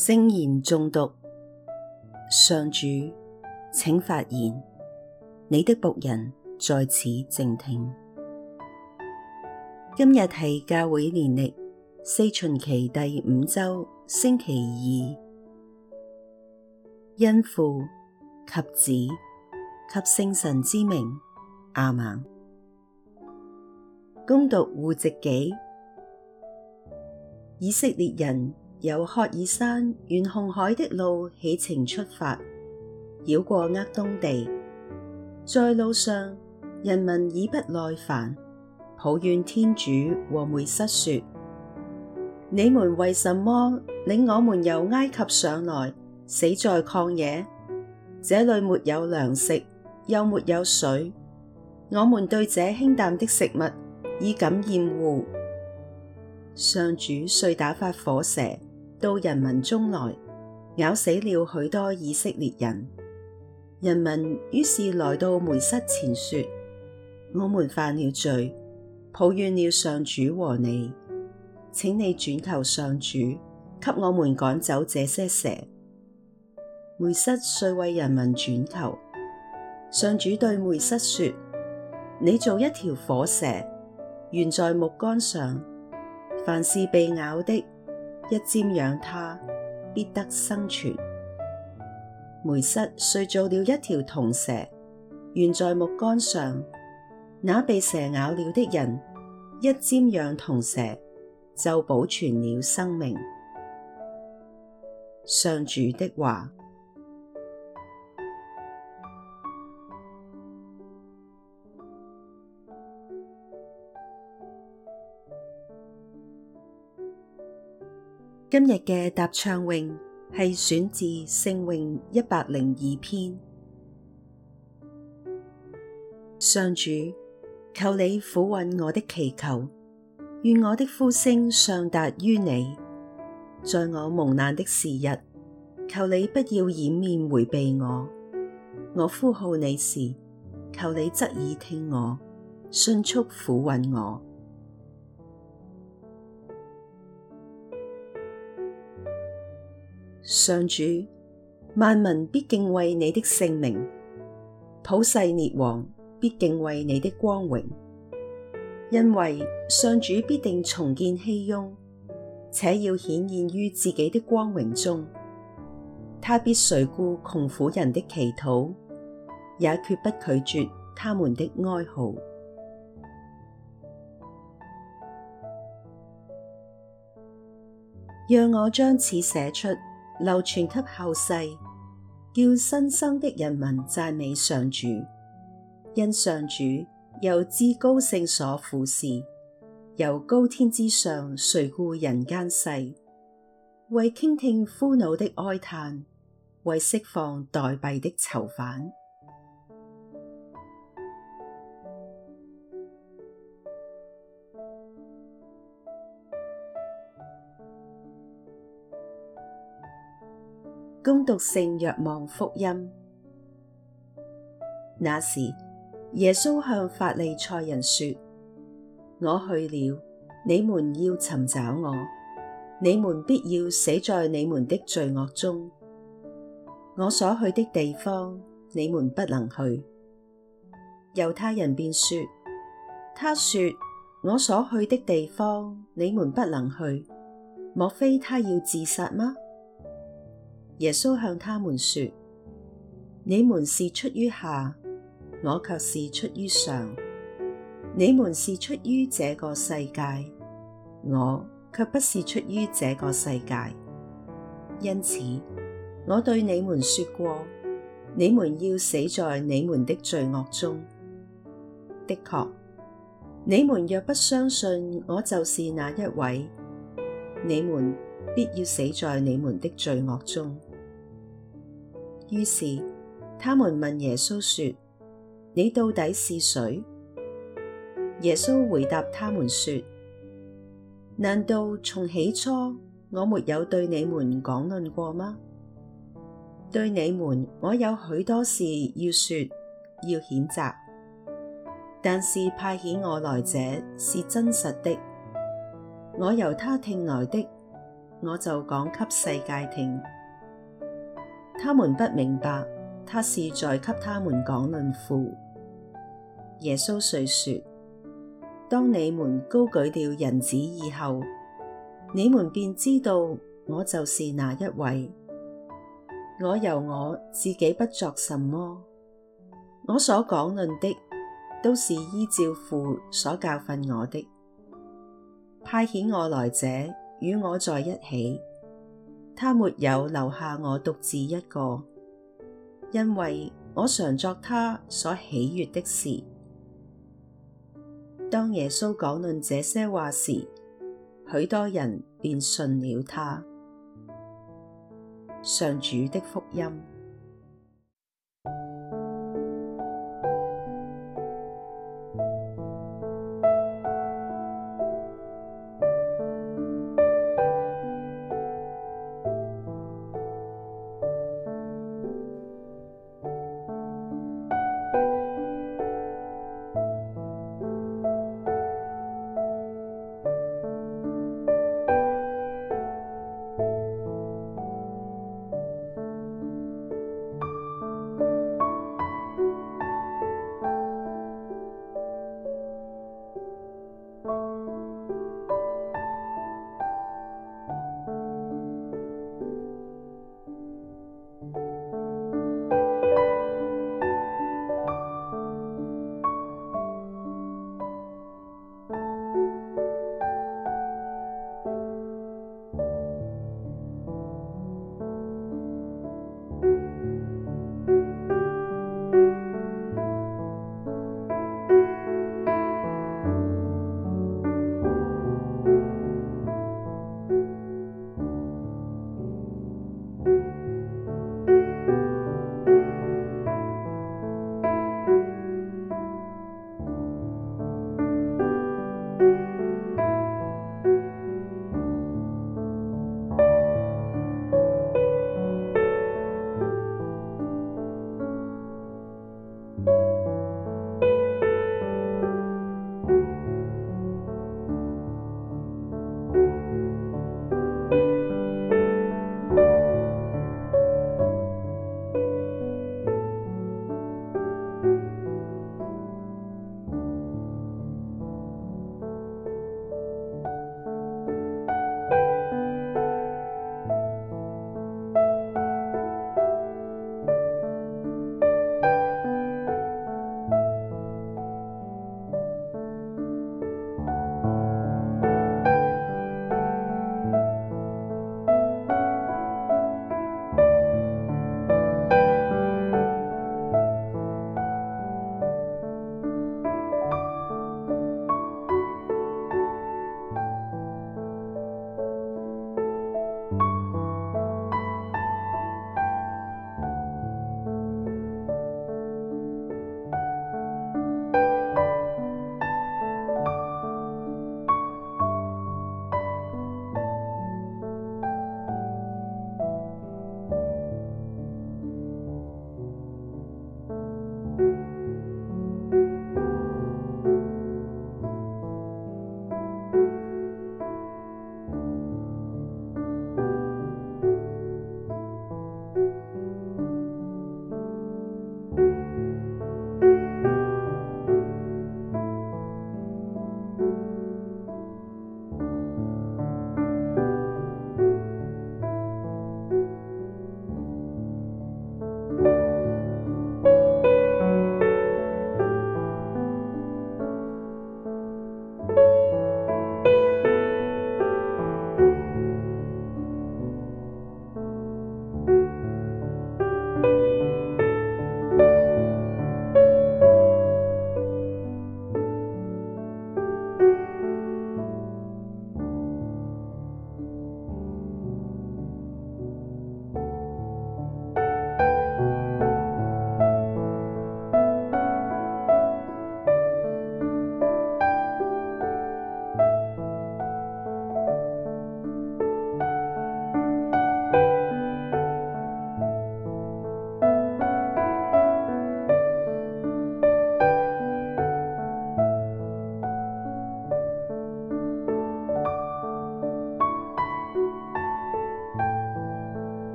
聖言誦讀，上主，請發言，你的僕人在此靜聽。今日係教會年曆四旬期第五周星期二，因父及子及聖神之名，阿們，恭讀戶籍紀，以色列人。由曷爾山沿紅海的路起程出發，繞過厄東地。在路上，人民已不耐煩，抱怨天主和梅瑟說：你們為什麼領我們由埃及上來，死在曠野？這裏沒有糧食，又沒有水。我們對這輕淡的食物已感厭惡。上主遂打發火蛇。到人民中來，咬死了許多以色列人。人民於是來到梅瑟前說：我們犯了罪，抱怨了上主和你，請你轉求上主，給我們趕走這些蛇。梅瑟遂為人民轉求。上主對梅瑟說：你做一條火蛇，懸在木竿上，凡是被咬的。一瞻仰他，必得生存。梅瑟遂做了一條銅蛇，懸在木竿上。那被蛇咬了的人，一瞻仰銅蛇，就保存了生命。上主的話。今日嘅答唱詠係選自聖詠一百零二篇。上主，求你俯允我的祈求，願我的呼聲上達於你。在我蒙難的時日，求你不要掩面迴避我。我呼號你時，求你側耳聽我，迅速俯允我。上主，萬民必敬畏你的聖名，普世列王必敬畏你的光榮，因為上主必定重建熙雍，且要顯現於自己的光榮中。他必垂顧窮苦人的祈禱，也決不拒絕他們的哀號。讓我將此寫出。流傳給後世，叫新生的人民讚美上主，因上主由至高聖所俯視，由高天之上垂顧人間世，為傾聽俘虜的哀嘆，為釋放待斃的囚犯。恭讀聖若望福音。那時，耶穌向法利賽人說：我去了，你們要尋找我；你們必要死在你們的罪惡中。我所去的地方，你們不能去。猶太人便說：他說我所去的地方，你們不能去，莫非他要自殺嗎？耶穌向他們說：你們是出於下，我卻是出於上；你們是出於這個世界，我卻不是出於這個世界。因此，我對你們說過，你們要死在你們的罪惡中。的確，你們若不相信我就是那一位，你們必要死在你們的罪惡中。於是，他們問耶穌說：「你到底是誰？」耶穌回答他們說：「難道從起初我沒有對你們講論過嗎？對你們，我有許多事要說，要譴責，但是派遣我來者是真實的，我由他聽來的，我就講給世界聽。」他們不明白，他是在給他們講論父。耶穌遂說：當你們高舉了人子以後，你們便知道我就是那一位。我由我自己不作什麼，我所講論的都是依照父所教訓我的。派遣我來者與我在一起。他沒有留下我獨自一個，因為我常作他所喜悅的事。當耶穌講論這些話時，許多人便信了他。上主的福音。